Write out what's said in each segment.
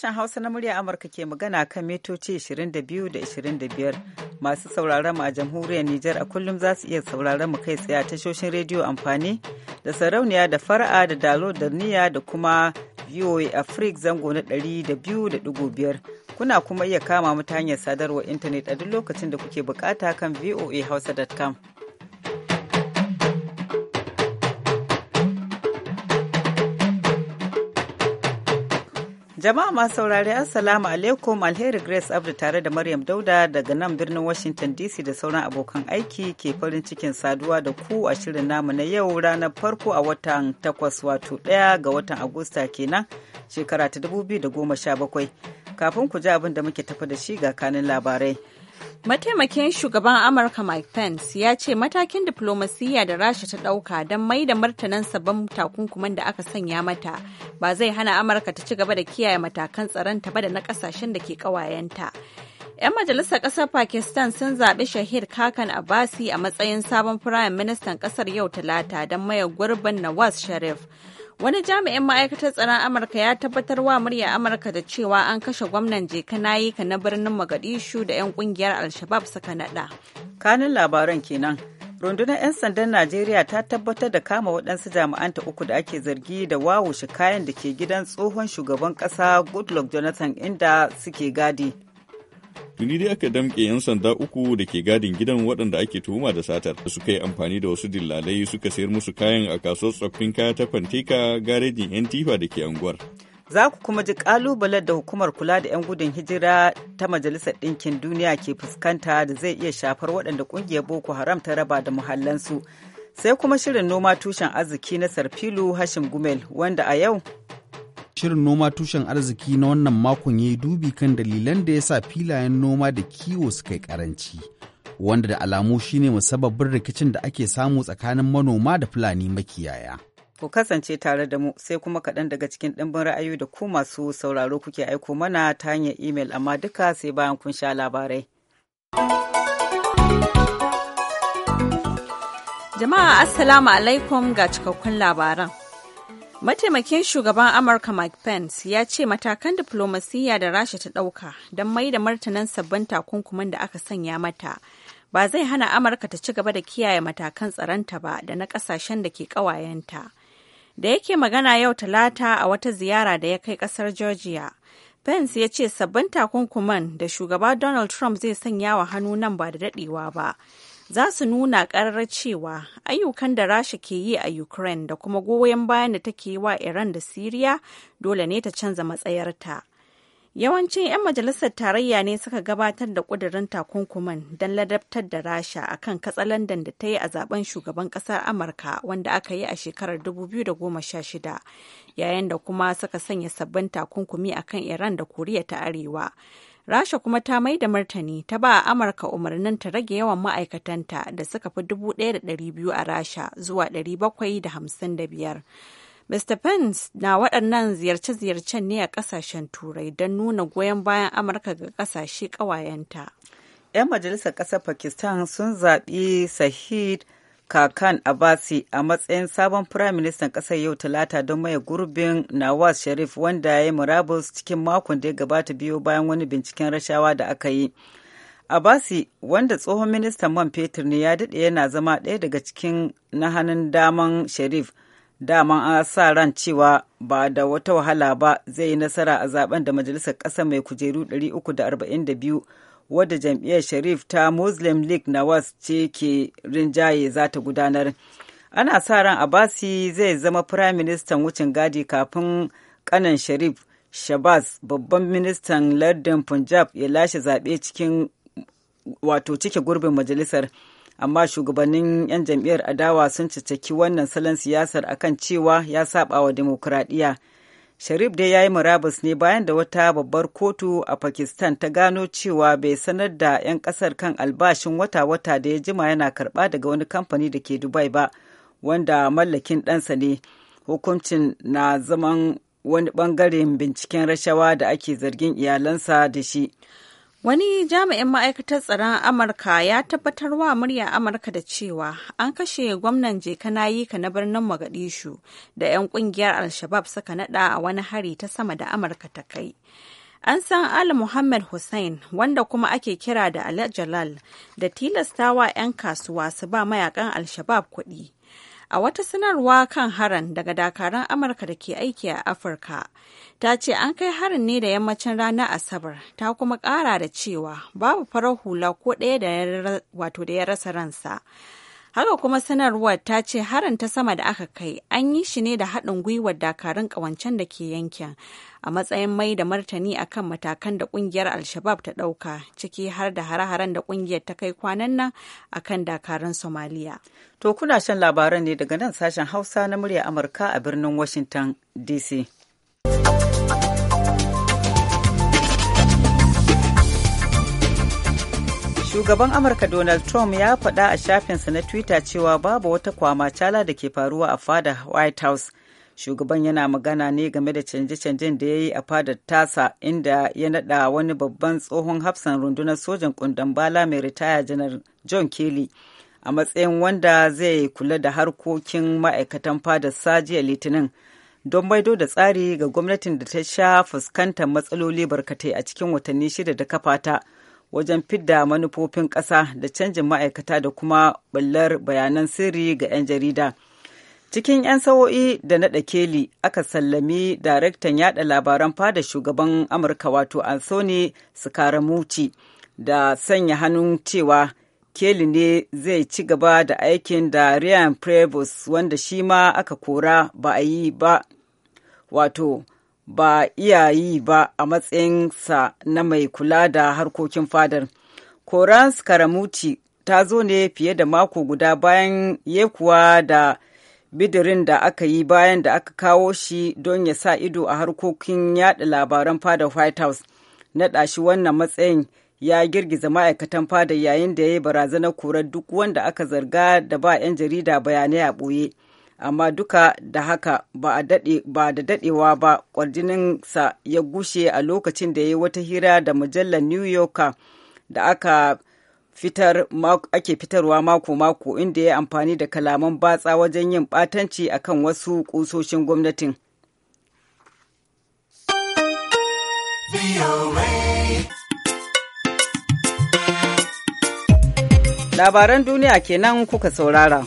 Sashen Hausa na murya Amurka ke magana kan mitoci 22 da 25 masu sauraron mu a jamhuriyar Nijar a kullum za su iya sauraron mu kai tsaye a tashoshin rediyo amfani da sarauniya da fara'a da dalo da niya da kuma VOA Africa zango na 200.5 kuna kuma iya kama mu ta hanyar sadarwar intanet a duk lokacin da kuke bukata kan voahausa.com. Jama'a masu saurari Assalamu alaikum Alheri Grace Abdu tare da Maryam Dauda daga nan birnin Washington DC da sauran abokan aiki ke farin cikin saduwa da ku a shirin namu na yau ranar farko a watan takwas wato ɗaya ga watan Agusta kenan shekara ta 2017. Kafin ku ji abin da muke tafa da shi ga kanin labarai. Mataimakin shugaban Amurka Mike Pence ya ce matakin diplomasiyya da Rasha ta ɗauka don mai da martanan sabon takunkuman da aka sanya mata ba zai hana Amurka ta ci gaba da kiyaye matakan tsaron ta ba da na ƙasashen da ke ƙawayenta. 'Yan majalisar ƙasar Pakistan sun zaɓi Shahid Kakan Abasi a matsayin sabon firayim ministan ƙasar yau Talata don maye gurbin Nawaz Sharif. Wani jami'in ma'aikatar tsaron Amurka ya tabbatar wa murya Amurka da cewa an kashe gwamnan Jeka Nayika na birnin Magadishu da 'yan kungiyar Alshabab suka nada. Kanin labaran kenan. Rundunar 'yan sandan Najeriya ta tabbatar da kama waɗansu jami'anta uku da ake zargi da wawushe kayan da ke gidan tsohon shugaban ƙasa Goodluck Jonathan inda suke gadi. Tuni dai aka damƙe 'yan sanda uku da ke gadin gidan waɗanda ake tuhuma da satar. da Suka yi amfani da wasu dillalai suka sayar musu kayan a kasuwar tsoffin kaya ta Fanteka garejin 'yan tifa da ke anguwar. Za ku kuma ji ƙalubalen da hukumar kula da 'yan gudun hijira ta Majalisar Ɗinkin Duniya ke fuskanta da zai iya shafar waɗanda ƙungiyar Boko Haram ta raba da muhallansu. Sai kuma shirin noma tushen arziki na Sarfilu Hashim Gumel wanda a yau Shirin noma tushen arziki na wannan makon ya yi dubi kan dalilan da ya sa filayen noma da kiwo suka yi karanci, wanda da alamu shine musabbabin rikicin da ake samu tsakanin manoma da Fulani makiyaya. Ku kasance tare da mu sai kuma kaɗan daga cikin ɗimbin ra'ayoyi da ku masu sauraro kuke aiko mana ta hanyar imel amma duka sai bayan kun sha labarai. Jama'a Assalamu alaikum ga cikakkun labaran. Mataimakin shugaban Amurka Mike Pence ya ce matakan diflomasiyya da Rasha ta ɗauka don mai da martanin sabbin takunkumin da aka sanya mata ba zai hana Amurka ta ci gaba da kiyaye matakan tsaronta ba da na ƙasashen da ke ƙawayenta. Da yake magana yau Talata a wata ziyara da ya kai ƙasar Georgia, Pence ya ce sabbin takunkuman da shugaba Donald Trump zai sanya wa hannu nan ba da daɗewa ba za su nuna ƙararra cewa ayyukan da rasha ke yi a ukraine da kuma goyon bayan da take wa iran da siriya dole ne ta canza matsayarta yawancin 'yan majalisar tarayya ne suka gabatar da ƙudurin takunkuman don ladabtar da rasha a akan katsalandan da ta yi a zaben shugaban ƙasar amurka wanda aka yi a shekarar 2016 yayin da kuma suka sanya sabbin takunkumi a kan iran da koriya ta arewa Rasha kuma ta mai da martani ta ba Amurka umarnin ta rage yawan ma'aikatanta da suka fi dubu ɗaya da ɗari biyu a Rasha zuwa ɗari bakwai da da hamsin biyar. Mr. Pence na waɗannan ziyarce-ziyarcen ne a ƙasashen Turai don nuna goyon bayan Amurka ga ƙasashe ƙawayenta. 'Yan majalisar ƙasar Pakistan sun zaɓi Sahid Kakan Abasi a matsayin sabon firaministan ƙasar yau talata don maye gurbin Nawaz Sharif wanda ya yi murabus cikin makon da ya gabata biyo bayan wani binciken rashawa da aka yi. Abasi wanda tsohon ministan man fetur ne ya daɗe yana zama ɗaya daga cikin na hannun daman Sharif. Daman an sa ran cewa ba da wata wahala ba zai yi nasara a zaben da majalisar ƙasa mai kujeru 342 wadda jam'iyyar sharif ta muslim league nawaz ce ke rinjaye za ta gudanar ana sa ran abasi zai zama firayim ministan wucin gadi kafin kanan sharif shabas babban ministan lardin punjab ya lashe zaɓe cikin wato cike gurbin majalisar amma shugabannin 'yan jam'iyyar adawa sun cicaki wannan salon siyasar akan cewa ya saba wa demokuraɗiyya Sharif dai ya yi murabus ne bayan da wata babbar kotu a Pakistan ta gano cewa bai sanar da 'yan kasar kan albashin wata-wata da ya jima yana karba daga wani kamfani da ke Dubai ba, wanda mallakin ɗansa ne. Hukuncin na zaman wani bangaren binciken rashawa da ake zargin iyalansa da shi. Wani jami'in ma'aikatar tsaron Amurka ya tabbatar wa murya Amurka da cewa an kashe gwamnan Yika na birnin Mogadishu da 'yan kungiyar Al-Shabab suka nada a wani hari ta sama da Amurka ta kai. An san Ali Muhammad Hussein wanda kuma ake kira da Ala Jalal da tilastawa 'yan kasuwa su ba mayakan Al-Shabab kuɗi A wata sanarwa kan harin daga dakaran Amurka da ke aiki a Afirka, ta ce an kai harin ne da yammacin ranar Asabar, ta kuma ƙara da cewa babu farar hula ko ɗaya da ya rasa ransa. Haka kuma sanarwar ta ce harin ta sama da aka kai an yi shi ne da haɗin gwiwar dakarun ƙawancen da ke yankin a matsayin mai da martani akan matakan da ƙungiyar Alshabab ta ɗauka ciki har da hare-haren da ƙungiyar ta kai kwanan nan akan dakarun Somaliya. To kuna shan labaran ne daga nan sashen Hausa na murya Amurka a birnin Washington DC. Shugaban Amurka Donald Trump ya faɗa a shafinsa na Twitter cewa babu wata kwama cala da ke faruwa a fada White House. Shugaban yana magana ne game da canje-canjen da ya yi a fadar tasa inda ya naɗa wani babban tsohon hafsan rundunar sojan kundan bala mai ritaya janar John Kelly a matsayin wanda zai kula da harkokin ma'aikatan fadar sajiya Litinin. don baido da tsari ga gwamnatin da ta sha fuskantar matsaloli barkatai a cikin watanni shida da kafata wajen fidda manufofin ƙasa da canjin ma'aikata da kuma ɓullar bayanan sirri ga 'yan jarida. Cikin 'yan sawo'i da naɗa keli aka sallami daraktan yada labaran fada shugaban Amurka wato Anthony Scaramucci da sanya hannun cewa keli ne zai ci gaba da aikin da Ryan Prevost wanda shi ma aka kora ba a yi ba wato ba iya ba a matsayinsa na mai kula da harkokin fadar. Korans Karamuti ta zo ne fiye da mako guda bayan yekuwa da bidirin da aka yi bayan da aka kawo shi don ya sa ido a harkokin yada labaran fadar White House. na ɗashi wannan matsayin ya girgiza ma'aikatan fadar yayin da ya yi barazanar korar duk wanda aka zarga da ba 'yan jarida bayanai a ɓoye. amma duka da haka ba ba da dadewa ba sa ya gushe a lokacin da ya yi wata hira da mujallar new yorker da aka fitar ake fitarwa mako-mako inda ya amfani da kalaman batsa wajen yin batanci akan wasu kusoshin gwamnatin labaran duniya kenan kuka saurara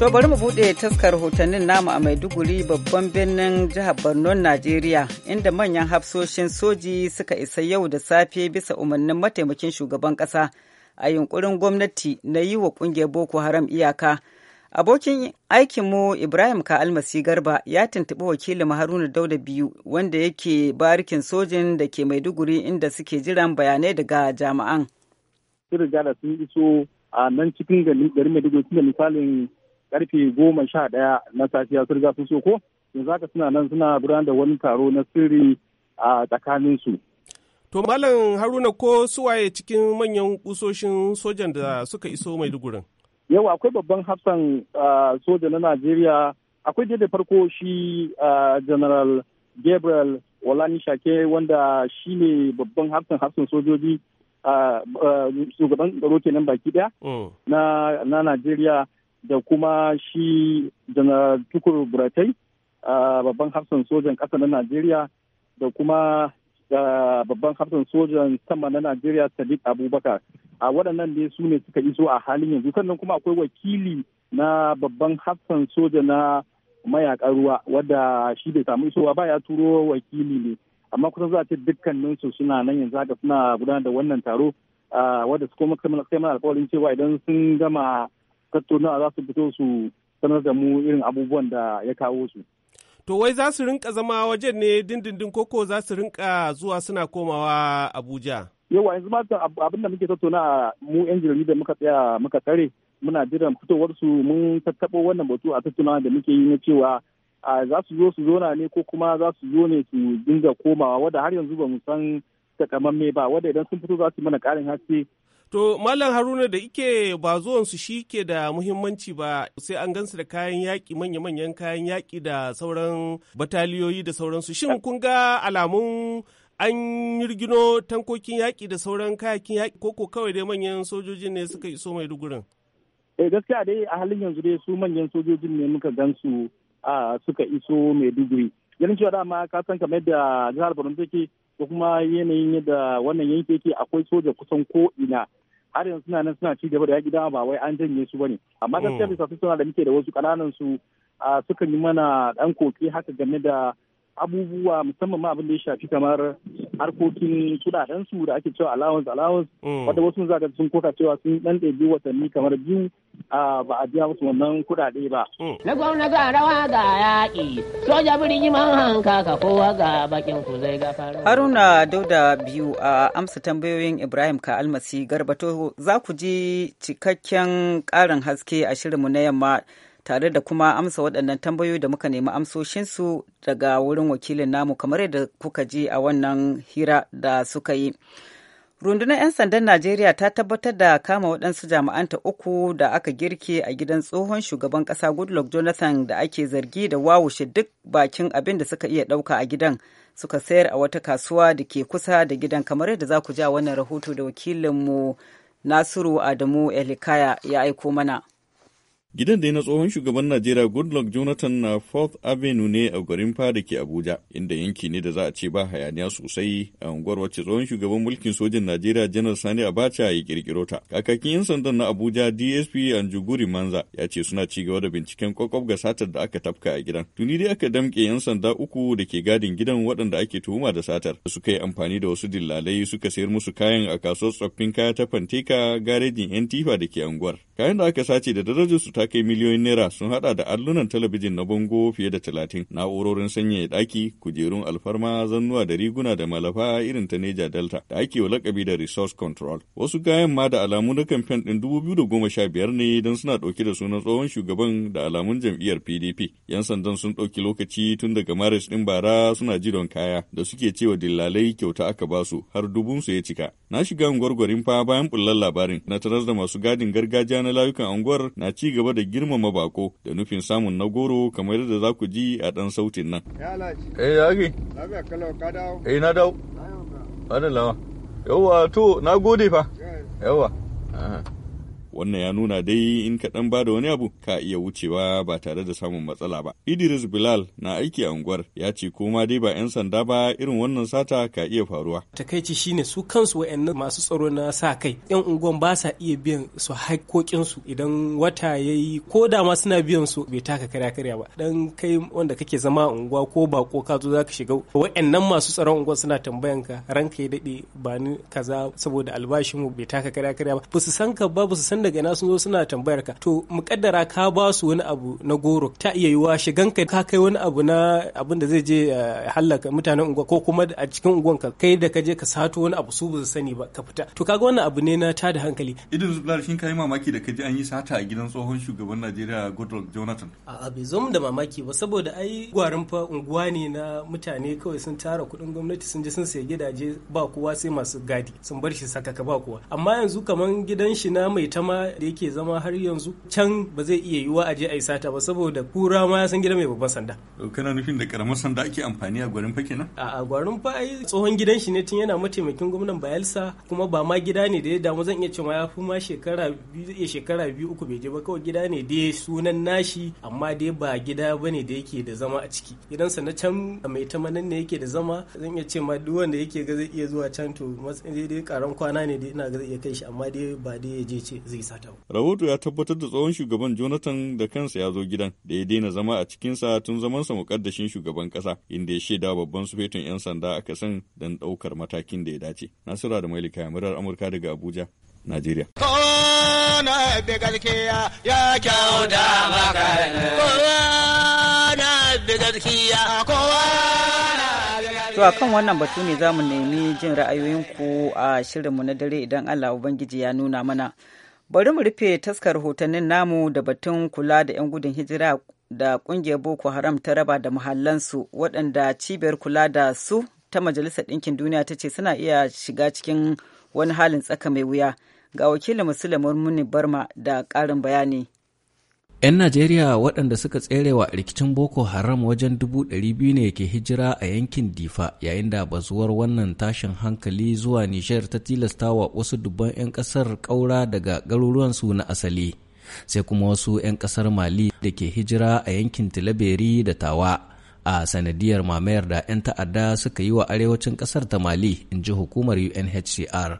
To bari mu buɗe taskar hotannin namu a Maiduguri babban birnin jihar Borno Najeriya inda manyan hafsoshin soji suka isa yau da safe bisa umarnin mataimakin shugaban ƙasa a yunkurin gwamnati na yi wa ƙungiyar Boko Haram iyaka. Abokin aikinmu Ibrahim Ka Almasi Garba ya tuntuɓi wakilin Haruna Dauda biyu wanda yake barikin sojin da ke Maiduguri inda suke jiran bayanai daga jami'an. Sun riga da sun iso a nan cikin garin Maiduguri da misalin karfe goma sha ɗaya na safiya sun riga sun ko yanzu haka suna nan suna gudanar da wani taro na sirri a tsakanin su. To Malam Haruna ko suwaye cikin manyan kusoshin sojan da suka iso Maidugurin? Yau akwai babban hafsan soja na Najeriya akwai da farko shi General Gabriel Olani Shake wanda shi ne babban hafsan hafsan sojoji shugaban tsaro kenan baki daya mm. na Najeriya. da kuma shi janar tukur buratai babban hafsan sojan ƙasa na najeriya da kuma babban hafsan sojan sama na najeriya sadiq abubakar a waɗannan ne su ne suka iso a halin yanzu sannan kuma akwai wakili na babban hafsan soja na mayakan ruwa wadda shi bai samu isowa ba ya turo wakili ne amma kusan za a ce dukkaninsu suna nan yanzu haka suna gudanar da wannan taro wadda su kuma sai mana alkawarin cewa idan sun gama tattaunawa za su fito su sanar da mu irin abubuwan da ya kawo su. To wai za su rinka zama wajen ne dindindin koko za su rinka zuwa suna komawa Abuja. Yawa yanzu ma abin da muke tattauna mu 'yan da muka tsaya muka tsare muna jiran fitowar su mun tattaɓo wannan batu a tattaunawa da muke yi na cewa za su zo su zona ne ko kuma za su zo ne su dinga komawa wadda har yanzu ba mu san takamamme ba wadda idan sun fito za su mana karin haske To Malam Haruna da ike ba zuwansu shi ke da muhimmanci ba sai an gansu da kayan yaƙi manya-manyan kayan yaƙi da sauran bataliyoyi da sauransu. Shin kun ga alamun an yirgino tankokin yaƙi da sauran kayakin yaƙi ko kawai dai manyan sojojin ne suka iso Maidugurin? Eh gaskiya dai a halin yanzu dai su manyan sojojin ne muka gansu ah, suka iso mai Maiduguri. Ganin cewa dama ka san kamar da jihar Borno take da kuma yanayin yadda wannan yanki yake akwai soja kusan ko ina har yanzu suna nan suna ci gaba da yaƙi dama ba wai an janye su bane amma hmm. gaskiya bisa su suna da muke da wasu ƙananan su sukan yi mana ɗan koki haka game da abubuwa musamman ma abin da ya shafi kamar harkokin kudaden su da ake cewa allowance allowance mm. wanda wasu zaka sun koka cewa sun dan ɗebi watanni kamar biyu ba a biya musu wannan kudade ba. Mm. Na gwamna ga rawa ga yaƙi soja birni man hanka ka kowa ga bakin ku zai gafara. Haruna Dauda biyu a amsa tambayoyin Ibrahim ka almasi garbato za ku ji cikakken ƙarin haske a shirinmu na yamma tare da kuma amsa waɗannan tambayoyi da muka nemi amsoshinsu daga wurin wakilin namu kamar yadda kuka ji a wannan hira da suka yi. Rundunar 'yan sandan Najeriya ta tabbatar da kama waɗansu jami'anta uku da aka girke a gidan tsohon shugaban ƙasa Goodluck Jonathan da ake zargi da wawushe duk bakin abin da suka iya ɗauka a gidan suka sayar a wata kasuwa da ke kusa da gidan kamar yadda za ku ja wannan rahoto da wakilinmu Nasiru Adamu Elikaya ya aiko mana. Gidan dai na tsohon shugaban Najeriya Goodluck Jonathan na Fourth Avenue ne a garin Fada ke Abuja, inda yanki ne da za a ce ba hayaniya sosai a unguwar wacce tsohon shugaban mulkin sojin Najeriya Janar Sani Abacha ya kirkiro ta. Kakakin 'yan sandan na Abuja DSP Anjuguri Manza ya ce suna ci gaba da binciken kwakwab ga satar da aka tafka a gidan. Tuni dai aka damke 'yan sanda uku da ke gadin gidan waɗanda ake tuhuma da satar. Da Suka yi amfani da wasu dillalai suka sayar musu kayan a kasuwar tsoffin kaya ta Fanteka garejin 'yan tifa da ke unguwar. Kayan da aka sace da darajarsu ta kai miliyoyin naira sun hada da allunan talabijin na bango fiye da talatin, na'urorin sanyaya daki, kujerun alfarma, zannuwa da riguna da malafa irin ta Neja Delta da ake wa lakabi da resource control. Wasu kayan ma da alamu na kamfen ɗin biyar ne don suna ɗauke da sunan tsohon shugaban da alamun jam'iyyar PDP. 'Yan sandan sun ɗauki lokaci tun daga Maris din bara suna jidon kaya da suke cewa dillalai kyauta aka basu har dubun su ya cika. Na shiga unguwar gwarin fa bayan bullar labarin na taras da masu gadin gargajiya na layukan unguwar na ci gaba gaba da girmama bako da nufin samun na goro kamar yadda za ku ji a ɗan sautin nan. Eh, ya ake? Eh, na dawo. lawa. Yawwa, to, na gode fa. Yawwa. wannan ya nuna dai in ka dan bada wani abu ka iya wucewa ba tare da samun matsala ba idris bilal na aiki a unguwar ya ce ko dai ba 'yan sanda ba irin wannan sata ka iya faruwa takaici shine su kansu wa'annan masu tsaro na sa kai 'yan unguwan ba sa iya biyan su haƙoƙinsu idan wata ya yi ko da ma suna biyan su bai taka karya karya ba dan kai wanda kake zama a unguwa ko bako ka zo zaka shiga wa'annan masu tsaron unguwa suna tambayan ka ranka ya dade ba ni kaza saboda albashin mu bai taka karya karya ba ba su san ka ba ba su san da daga ina sun zo suna tambayar ka to mukaddara ka ba su wani abu na goro ta iya yiwa shigan ka kai wani abu na abin da zai je eh, halaka mutanen unguwa ko kuma a cikin unguwan ka kai da ka je ka sato wani abu su ba su sani ba ka fita to kaga wannan abu ne na ta da hankali idan Blar shin kai mamaki da ka ji an yi sata a gidan tsohon shugaban Najeriya Goodluck Jonathan a'a bai zo da mamaki ba saboda ai gwarin fa unguwa ne na mutane kawai sun tara kuɗin gwamnati sun je sun sayi gidaje ba kowa sai masu gadi sun bar shi ka ba kowa amma yanzu kaman gidan shi na mai tama ma da yake zama har yanzu can ba zai iya yiwa a je a yi sata ba saboda kura ma ya san gida mai babban sanda kana nufin da karamar sanda ake amfani a gwarin fa kenan a gwarin fa ai tsohon gidan shi ne tun yana mataimakin gwamnan Bayelsa kuma ba ma gida ne da ya damu zan iya cewa ya fi ma shekara biyu zai iya shekara biyu uku bai je ba kawai gida ne da sunan nashi amma dai ba gida ba ne da yake da zama a ciki gidansa na can mai tamanin ne yake da zama zan iya ce ma duk wanda yake ga zai iya zuwa can to matsayin dai karan kwana ne dai ina ga zai iya kai shi amma dai ba dai ya je ce zai Rahoto ya tabbatar da tsohon shugaban Jonathan da kansa ya zo gidan da ya daina zama a cikinsa tun zamansa mukaddashin shugaban kasa inda ya shaida babban sufetun 'yan sanda a kasan don ɗaukar matakin da ya dace. Nasira da Mailika murar Amurka daga Abuja, Najeriya. To a kan wannan batu ne za mu nemi jin ra'ayoyinku a shirinmu na dare idan Allah Ubangiji ya nuna mana. bari mu rufe taskar hotonnin namu da batun kula da 'yan gudun hijira da kungiyar boko haram ta raba da muhallansu waɗanda cibiyar kula da su ta majalisar ɗinkin duniya ta ce suna iya shiga cikin wani halin tsaka mai wuya ga wakilin musulman muni barma da ƙarin bayani 'Yan Najeriya waɗanda suka tsere wa rikicin Boko Haram wajen dubu ɗari biyu ne ke hijira a yankin Difa yayin da bazuwar wannan tashin hankali zuwa Nijar ta tilastawa wasu dubban 'yan ƙasar ƙaura daga garuruwansu na asali, sai kuma wasu 'yan ƙasar Mali da ke hijira a yankin Tilaberi da Tawa. a sanadiyar mamayar da 'yan ta'adda suka yi wa arewacin kasar ta mali in ji hukumar unhcr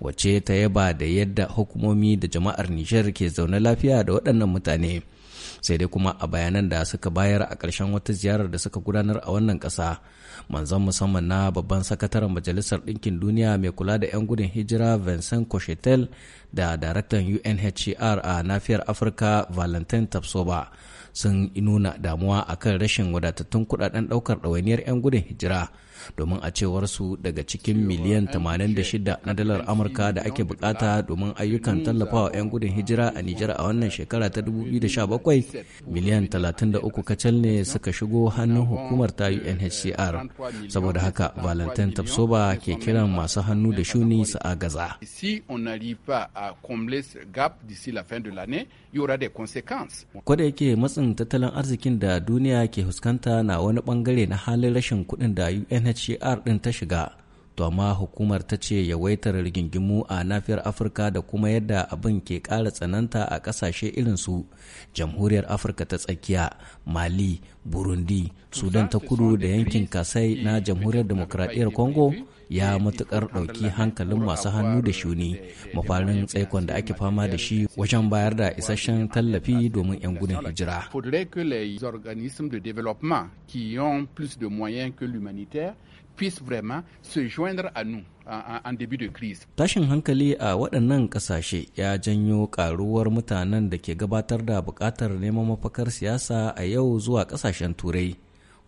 wace ta yaba da yadda hukumomi da jama'ar nijar ke zaune lafiya da waɗannan mutane sai dai kuma a bayanan da suka bayar a ƙarshen wata ziyarar da suka gudanar a wannan ƙasa manzon musamman na babban sakataren majalisar ɗinkin duniya mai kula da 'yan gudun hijira vincent cochetel da daraktan unhcr a nafiyar afirka valentin tapsoba sun nuna damuwa akan rashin wadatattun kudaden daukar ɗawainiyar 'yan gudun hijira domin a cewar su daga cikin miliyan 86 na dalar amurka da ake bukata domin ayyukan tallafawa 'yan gudun hijira a nijar a wannan shekara ta 2017 miliyan 33 kacal ne suka shigo hannun hukumar ta unhcr saboda haka valentin tabsoba ke kiran masu hannu da shuni su a gaza Kwada yake matsin tattalin arzikin da duniya ke huskanta na wani bangare na halin rashin kuɗin da UNHCR unhcr ɗin ta shiga to amma hukumar ta ce yawaitar rigingimu a nafiyar afirka da kuma yadda abin ke ƙara tsananta a ƙasashe su jamhuriyar afirka ta tsakiya mali burundi sudan ta kudu da yankin kasai na jamhuriyar demokradiyyar congo ya matukar ɗauki hankalin masu hannu da shuni mafarin tsaikon da ake fama da shi wajen bayar da isasshen tallafi domin 'yan gudun hijira. Tashin hankali a waɗannan ƙasashe ya janyo ƙaruwar mutanen da ke gabatar da buƙatar neman mafakar siyasa a yau zuwa ƙasashen turai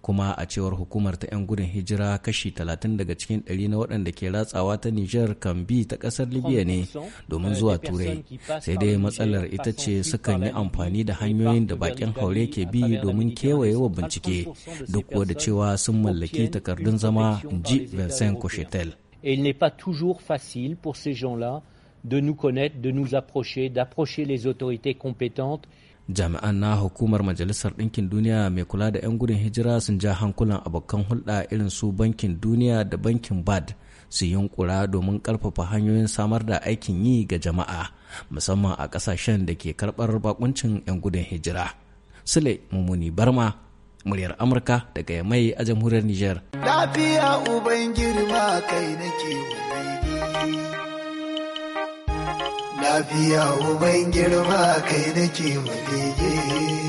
kuma a cewar hukumar ta 'yan gudun hijira kashi 30 daga cikin 100 na waɗanda ke ratsawa ta Nijar kan bi ta ƙasar Libya ne domin zuwa Turai sai dai matsalar ita ce sukan yi amfani da hanyoyin da bakin haure ke bi domin kewaye wa bincike duk da cewa sun mallaki takardun zama ji Vincent Cochetel. Et il n'est pas toujours facile pour ces gens-là de nous connaître, de nous approcher, d'approcher les autorités compétentes jami'an na hukumar majalisar ɗinkin duniya mai kula da 'yan gudun hijira sun ja hankulan abokan hulɗa irin su bankin duniya da bankin bad su yunkura domin ƙarfafa hanyoyin samar da aikin yi ga jama'a musamman a ƙasashen da ke karɓar bakuncin 'yan gudun hijira sule mummuni barma muryar amurka daga yamai a jamhuriyar niger lafiya Lafiya uban girma kai nake mugege.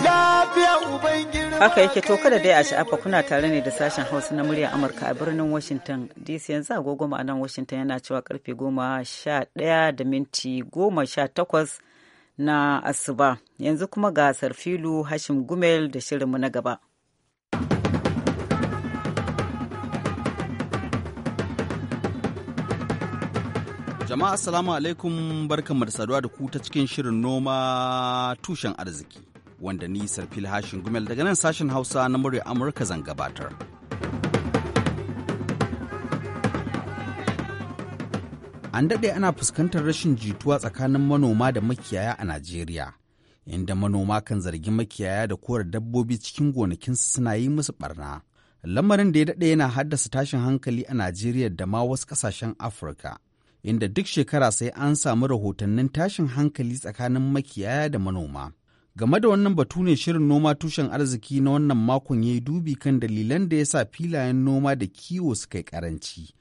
Lafiya uban girma. Haka yake to kada dai a sha'afa kuna tare ne da sashen Hausa na murya Amurka a birnin Washington DC yanzu agogo nan Washington yana cewa karfe goma da minti goma na asuba yanzu kuma ga sarfilu hashim gumel da shirinmu na gaba. Jama'a assalamu alaikum barkanmu da saduwa da ku ta cikin shirin noma tushen arziki wanda ni Sarfil Hashin Gumel daga nan sashen Hausa na murya Amurka zan gabatar. An daɗe ana fuskantar rashin jituwa tsakanin manoma da makiyaya a Najeriya, inda manoma kan zargi makiyaya da kore dabbobi cikin gonakinsu suna yi musu barna. Lamarin da ya daɗe yana haddasa tashin hankali a Najeriya da ma wasu ƙasashen Afirka. inda duk shekara sai an samu rahotannin tashin hankali tsakanin makiyaya da manoma. Game da wannan batu ne shirin noma tushen arziki na wannan makon ya yi dubi kan dalilan da ya sa filayen noma da kiwo suka yi karanci,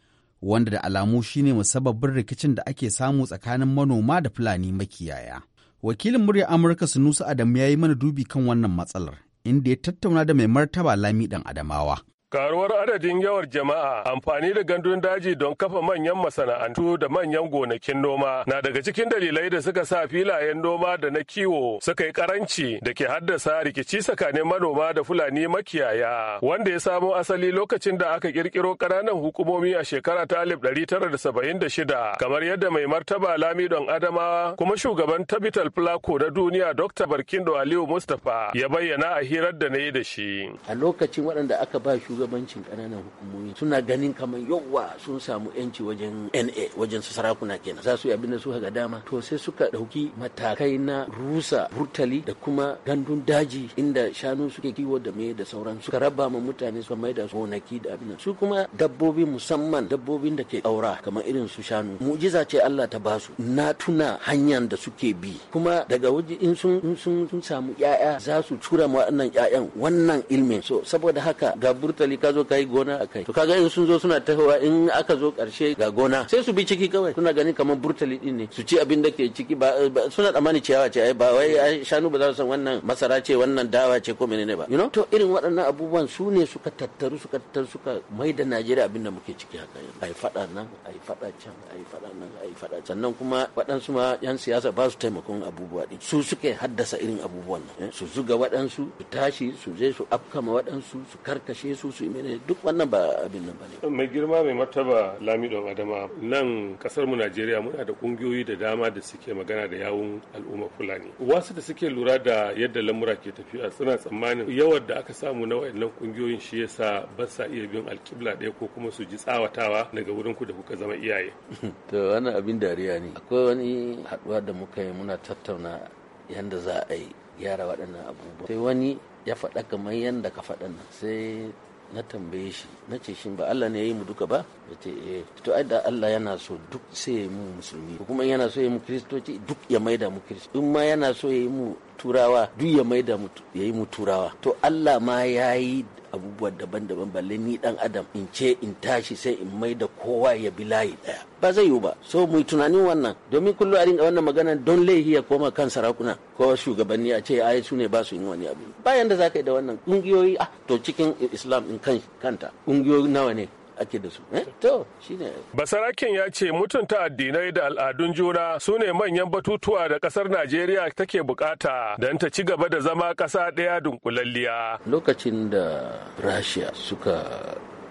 wanda da alamu shine musabbabin rikicin da ake samu tsakanin manoma da Fulani makiyaya. Wakilin murya Amurka nusa Adam ya yi mana dubi kan wannan matsalar, inda ya tattauna da mai martaba Lami ɗan Adamawa Karuwar adadin yawar jama'a amfani da gandun daji don kafa manyan masana'antu da manyan gonakin noma na daga cikin dalilai da suka sa filayen noma da na kiwo suka yi karanci da ke haddasa rikici tsakanin manoma da fulani makiyaya wanda ya samo asali lokacin da aka kirkiro ƙananan hukumomi a shekara ta alif ɗari tara da saba'in da shida kamar yadda mai martaba lamidon adamawa kuma shugaban tabital Fulako na duniya dr barkindo aliyu mustapha ya bayyana a hirar da na yi da shi a lokacin waɗanda aka ba shi shugabancin ƙananan hukumomi suna ganin kamar yawa sun samu yanci wajen NA wajen su sarakuna kenan za su yi abin da su ga dama to sai suka ɗauki matakai na rusa burtali da kuma gandun daji inda shanu suke kiwo da mai da sauran suka raba ma mutane suka mai da gonaki da abin su kuma dabbobi musamman dabbobin da ke aura kamar irin su shanu mu'jiza ce Allah ta basu na tuna hanyar da suke bi kuma daga waje in sun sun samu ya'ya za su tura ma wannan ya'yan wannan ilmin so saboda haka ga burtali hankali ka zo ka yi gona a kai to kaga in sun zo suna tahowa in aka zo karshe ga gona sai su bi ciki kawai suna gani kamar burtali din ne su ci abin da ke ciki ba suna tsammani ciyawa ce ai ba wai shanu ba za su san wannan masara ce wannan dawa ce ko menene ba you know to irin waɗannan abubuwan su ne suka tattaru suka tattaru suka mai da Najeriya abin da muke ciki haka yanzu ai fada nan ai fada can ai fada nan ai fada can nan kuma waɗansu ma yan siyasa ba su taimakon abubuwa din su suke haddasa irin abubuwan nan eh? su zuga waɗansu su tashi su je su afkama waɗansu su karkashe su su mene duk wannan ba abin nan bane mai girma mai martaba lamidon adama nan kasar mu Najeriya muna da kungiyoyi da dama da suke magana da yawun al'umma Fulani wasu da suke lura da yadda lamura ke tafiya suna tsammanin yawan da aka samu na wayannan kungiyoyin shi yasa ba sa iya bin alkibla ɗaya ko kuma su ji tsawatawa daga wurin ku da kuka zama iyaye to wannan abin dariya ne akwai wani haɗuwa da muka yi muna tattauna yanda za a yi gyara waɗannan abubuwa sai wani ya faɗa kamar yadda ka faɗa nan sai na tambaye shi na ce shin ba Allah ne ya yi mu duka ba ya ce eh to ai da Allah yana so duk sai ya yi mu musulmi kuma yana so ya yi mu kristoci duk ya maida mu kristo in ma yana so ya yi mu turawa duk ya maida ya yi mu turawa to Allah ma ya yi abubuwa daban-daban balle ni dan adam in ce in tashi sai in mai da kowa ya bi layi daya ba zai yiwu ba so mu tunanin wannan domin kullum a rinka wannan magana don laihi ya koma kan sarakuna ko shugabanni a ce ai su ne ba su yin wani abu bayan da zaka yi da wannan kungiyoyi ah to cikin islam kan kanta kungiyoyi nawa ne ake da su eh? to shine basaraken ya ce mutunta addinai da al'adun juna su ne manyan batutuwa da kasar najeriya take bukata don ta ci gaba da zama kasa ɗaya dunkulalliya lokacin da rasha suka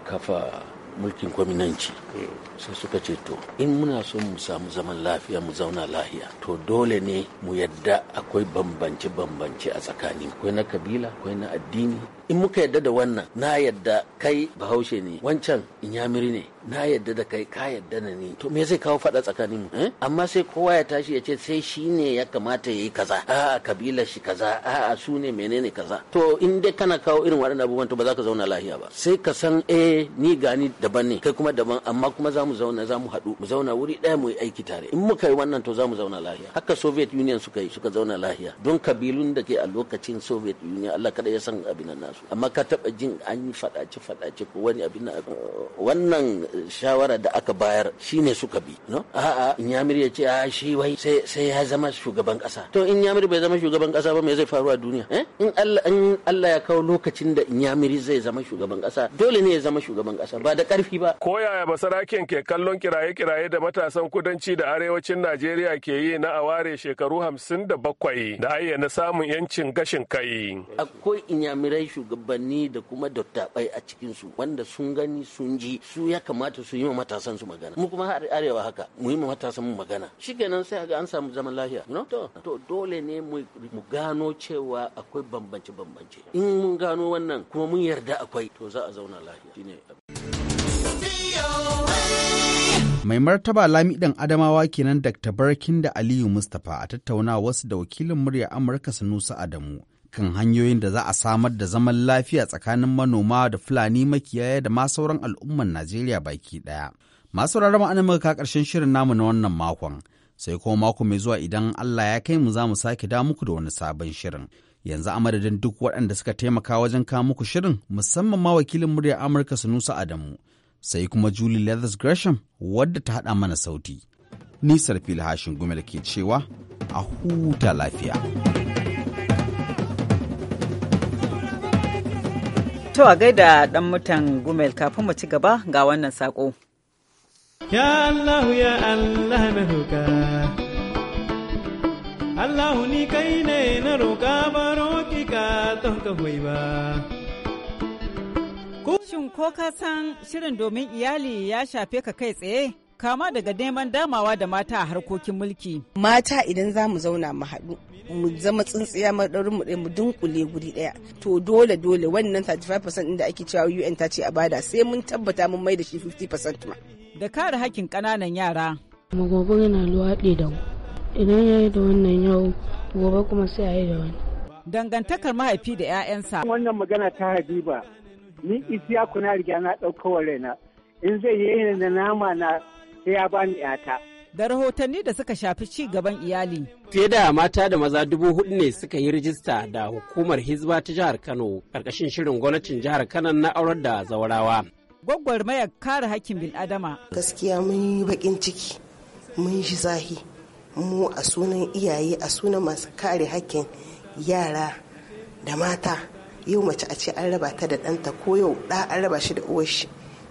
kafa mulkin kwaminanci hmm. sai suka ce to in muna son mu samu zaman lafiya mu zauna lahiya to dole ne mu yadda akwai bambance bambance a tsakani akwai na kabila akwai na addini in muka yadda da wannan na yadda kai bahaushe ne wancan inyamiri ne na yadda da kai ka yadda na ni to me zai kawo fada tsakanin mu eh? amma sai kowa ya tashi ya ce sai shi ne ya kamata ya yi kaza a'a kabila shi kaza a'a su ne menene kaza to in dai kana kawo irin waɗannan abubuwan to ba za ka zauna lahiya ba sai ka san eh ni gani daban ne kai kuma daban amma kuma za mu zauna za mu haɗu mu zauna wuri ɗaya mu yi aiki tare in muka yi wannan to za mu zauna lahiya haka soviet union suka yi suka zauna lahiya don kabilun da ke a lokacin soviet union allah kada ya san abin nasu amma ka taɓa jin an yi faɗace faɗace ko wani abin wannan shawara da aka bayar shine suka bi no a'a inyamir ya ce a ah, shi wai sai ya zama shugaban kasa to in inyamir bai zama shugaban ƙasa ba me zai faru a duniya eh? in allah in allah ya kawo lokacin da inyamiri zai zama shugaban ƙasa dole ne ya zama shugaban ƙasa ba da ƙarfi ba ko yaya basaraken ke kallon kiraye-kiraye da matasan kudanci da arewacin Najeriya ke yi na aware shekaru hamsin da bakwai da ayyana samun yancin gashin kai. Akwai inyamirai shugabanni da kuma dattabai a cikinsu wanda sun gani sun ji su ya kamata su yi ma matasan su magana. Mu kuma har arewa haka mu yi ma matasan mu magana. Shi kenan sai ga an samu zaman lafiya. To dole ne mu gano cewa akwai bambance-bambance. In mun gano wannan kuma mun yarda akwai to za a zauna lafiya. Mai martaba lami ɗan Adamawa kenan Dr. Barkin da Aliyu Mustapha a tattauna wasu da wakilin murya Amurka Sanusi Adamu kan hanyoyin da za a samar da zaman lafiya tsakanin manoma da Fulani makiyaya da ma sauran al'umman Najeriya baki ɗaya. Masu rarra ma'ana muka ƙarshen shirin namu na wannan makon. sai kuma mako mai zuwa idan Allah ya kai mu za mu sake da muku da wani sabon shirin. Yanzu a madadin duk waɗanda suka taimaka wajen kawo muku shirin musamman ma wakilin murya Amurka Sanusa Adamu sai kuma Julie Leathers Gresham wadda ta haɗa mana sauti. Nisar fili hashin gumel ke cewa a huta lafiya. To a gaida ɗan mutan gumel kafin mu ci gaba ga wannan saƙo. Ya Allah ya Allah na roƙa. Allah ni kai ne na roƙa ba roƙi ka ton ka ba. Shin ko ka san shirin domin iyali ya shafe ka kai tsaye? Kama daga neman damawa da mata a harkokin mulki. Mata idan za mu zauna mu haɗu, mu zama tsintsiya maɗaurin mu ɗaya mu dunkule guri ɗaya. To dole dole wannan 35% inda ake cewa UN ta ce a bada sai mun tabbata mun mai da shi 50% ma. Da kare hakkin ƙananan yara. Magogon yana luwaɗi da idan ya yi da wannan yau gobe kuma sai a yi da wani. Dangantakar mahaifi da 'ya'yansa. Wannan magana ta Habiba ni isiya kuna riga na ɗauko wa raina in zai yi da nama na sai ya bani yata. Da rahotanni da suka shafi ci gaban iyali. Fiye da mata da maza dubu hudu ne suka yi rijista da hukumar Hizba ta jihar Kano ƙarƙashin shirin gwamnatin jihar Kano na aurar da zawarawa. Gwaggwarmayar kare hakkin adama. Gaskiya mun yi baƙin ciki, mun shi zahi, mu a sunan iyaye a sunan masu kare hakkin yara da mata. yau mace a ce an raba ta da ɗanta ko yau ɗa an raba shi da uwar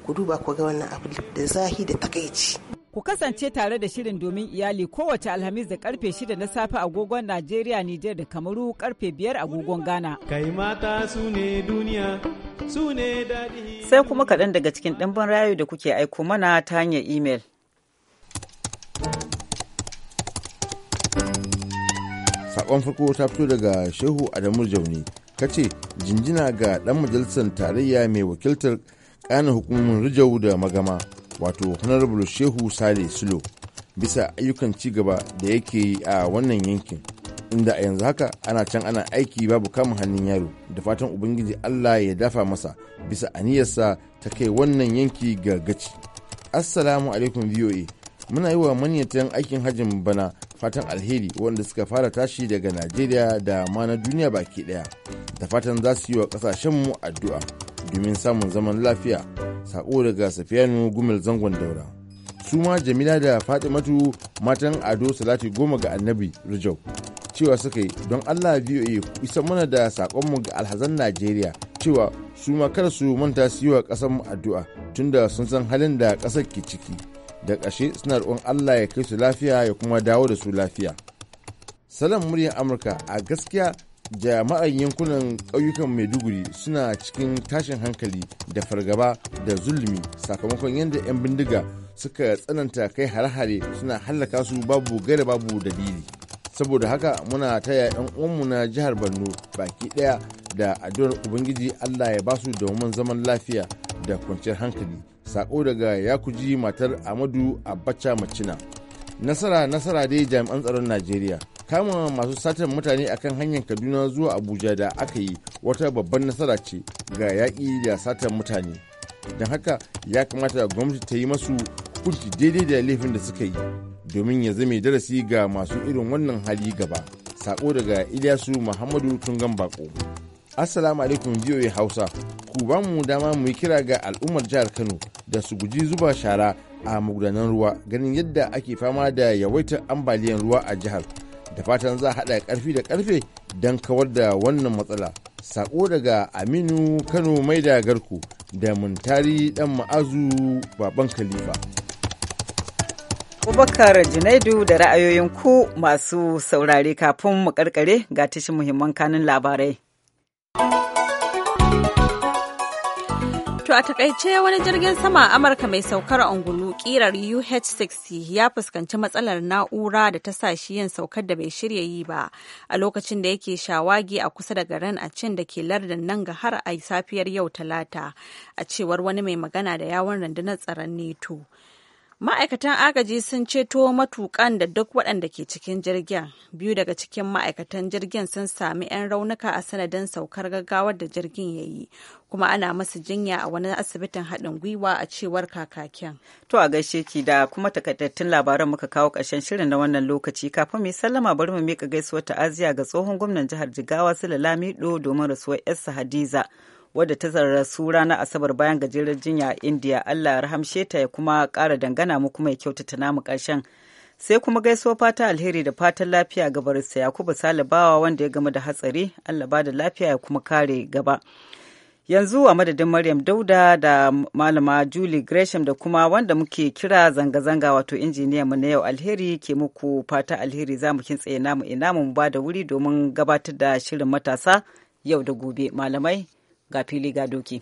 ku duba ku ga wannan abu da zahi da takaici. Ku kasance tare da shirin domin iyali kowace alhamis da karfe 6 na safe agogon Najeriya, Nijar da Kamaru karfe 5 agogon Ghana. Kai mata su ne duniya, su ne daɗi. Sai kuma kaɗan daga cikin ɗimbin rayu da kuke aiko mana ta hanyar imel. Sakon farko ta fito daga Shehu Adamu Jauni. kace jinjina ga dan majalisar tarayya mai wakiltar kanin hukumomin rijau da magama wato honorable shehu sale sulo bisa ayyukan ci gaba da yake yi a wannan yankin inda a yanzu haka ana can ana aiki babu kama hannun yaro da fatan ubangiji allah ya dafa masa bisa aniyarsa ta kai wannan yanki gargaci. assalamu alaikum voa muna yi wa manyatan aikin hajjin bana fatan alheri wanda suka fara tashi daga najeriya da ma na duniya baki daya da fatan za su yi wa kasashenmu addu'a domin samun zaman lafiya sako daga safiyanu gumel zangon daura su ma jamila da fatimatu matan ado salati goma ga annabi rijau cewa suka yi don allah biyu a isa mana da sakonmu ga alhazan najeriya cewa su ma kada su manta su yi wa kasanmu addu'a tunda sun san halin da ƙasar ke ciki da ƙashe suna roƙon Allah ya kai su lafiya ya kuma dawo da su lafiya. Salam muryar Amurka a gaskiya jama'ar yankunan ƙauyukan Maiduguri suna cikin tashin hankali da fargaba da zulumi sakamakon yadda 'yan bindiga suka tsananta kai hare-hare suna hallaka su babu gaira babu dalili. saboda haka muna taya 'yan uwanmu na jihar borno baki daya da addu'ar ubangiji allah ya basu domin zaman lafiya da kwanciyar hankali sako daga yakuji matar amadu abacha macina nasara nasara dai jami'an tsaron najeriya kama masu satar mutane akan hanyar kaduna zuwa abuja da aka yi wata babban nasara ce ga yaƙi da satar mutane don haka ya kamata gwamnati ta yi masu hukunci daidai da laifin da suka yi domin ya zame darasi ga masu irin wannan hali gaba. Sako daga Ilyasu Muhammadu Tungan Bako. Assalamu alaikum VOA Hausa. Ku ba mu dama mu yi kira ga al'ummar jihar Kano da su guji zuba shara a magudanan ruwa ganin yadda ake fama da yawaitar ambaliyan ruwa a jihar. Da fatan za a haɗa ƙarfi da ƙarfe don kawar da wannan matsala. Sako daga Aminu Kano mai da Garku da Muntari Dan Ma'azu Baban Khalifa. Abubakar Junaidu da ra'ayoyin ku masu saurare kafin mu karkare ga tashin muhimman kanun labarai. To a takaice wani jirgin sama a Amurka mai saukar angulu kirar UH-60 ya fuskanci matsalar na'ura da ta sa shi yin saukar da bai shirya yi ba a lokacin da yake shawagi a kusa da garin a cin da ke lardin nan ga har a safiyar yau talata a cewar wani mai magana da yawon rundunar tsaron neto. ma'aikatan agaji sun ceto matukan da duk waɗanda ke cikin jirgin biyu daga cikin ma'aikatan jirgin sun sami 'yan raunuka a sanadin saukar gaggawar da jirgin ya yi kuma ana masu jinya a wani asibitin haɗin gwiwa a cewar kakakin to a gaishe ki da kuma takaitattun labaran muka kawo ƙarshen shirin na wannan lokaci kafin mu sallama bari mu miƙa gaisuwar ta'aziya ga tsohon gwamnan jihar jigawa sula lamido domin rasuwar yarsa hadiza wadda ta zarra su ranar asabar bayan gajeren jinya a indiya allah ya rahamshe ta ya kuma kara dangana mu kuma ya kyautata namu karshen sai kuma gaisuwa fata alheri da fatan lafiya ga barista yakubu salibawa wanda ya gama da hatsari allah ba da lafiya ya kuma kare gaba yanzu a madadin maryam dauda da malama julie gresham da kuma wanda muke kira zanga-zanga wato injiniya mu na yau alheri ke muku fata alheri za mu kintsaye namu ina mu ba da wuri domin gabatar da shirin matasa yau da gobe malamai Gapili Gaduki.